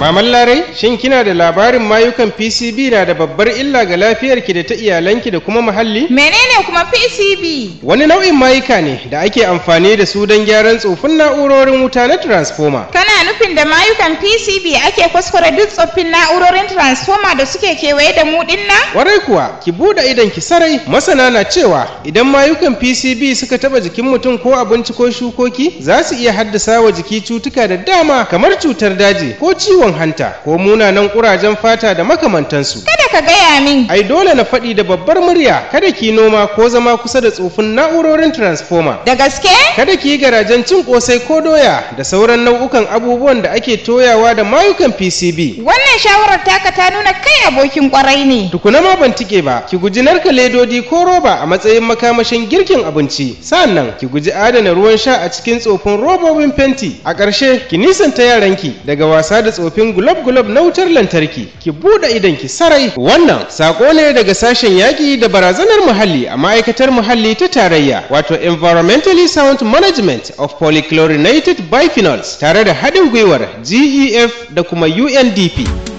Maman Larai, shin kina da labarin mayukan PCB na da babbar illa ga lafiyarki da ta iyalanki da kuma muhalli? Menene kuma PCB? Wani nau'in mayuka ne da ake amfani da su don gyaran tsofin na'urorin wuta na transformer. nufin da mayukan PCB ake kuskure duk tsoffin na'urorin transformer da suke kewaye da mu dinnan? Warai kuwa, ki buɗe idan ki sarai, masana na cewa idan mayukan PCB suka taba jikin mutum ko abinci ko shukoki za su iya haddasa wa jiki cutuka da dama kamar cutar daji ko ciwon hanta ko munanan kurajen fata da makamantansu. Kada ka gaya min. Ai dole na faɗi da babbar murya kada ki noma ko zama kusa da tsofin na'urorin transformer. Da gaske? Kada ki yi garajen cin kosai ko doya da sauran nau'ukan abubuwa abubuwan da ake toyawa da mayukan PCB. Wannan shawarar taka ta nuna kai abokin kwarai ne. Tukuna ma ban tike ba, ki guji narka ledodi ko roba a matsayin makamashin girkin abinci. Sa'annan ki guji adana ruwan sha a cikin tsofin robobin fenti. A ƙarshe ki nisanta yaranki daga wasa da tsofin gulab-gulab na wutar lantarki. Ki buɗe idan ki sarai. Wannan sako ne daga sashen yaƙi da barazanar muhalli a ma'aikatar muhalli ta tarayya, wato Environmentally Sound Management of Polychlorinated biphenols" tare da haɗin gwiwa gwiwar GEF da kuma UNDP.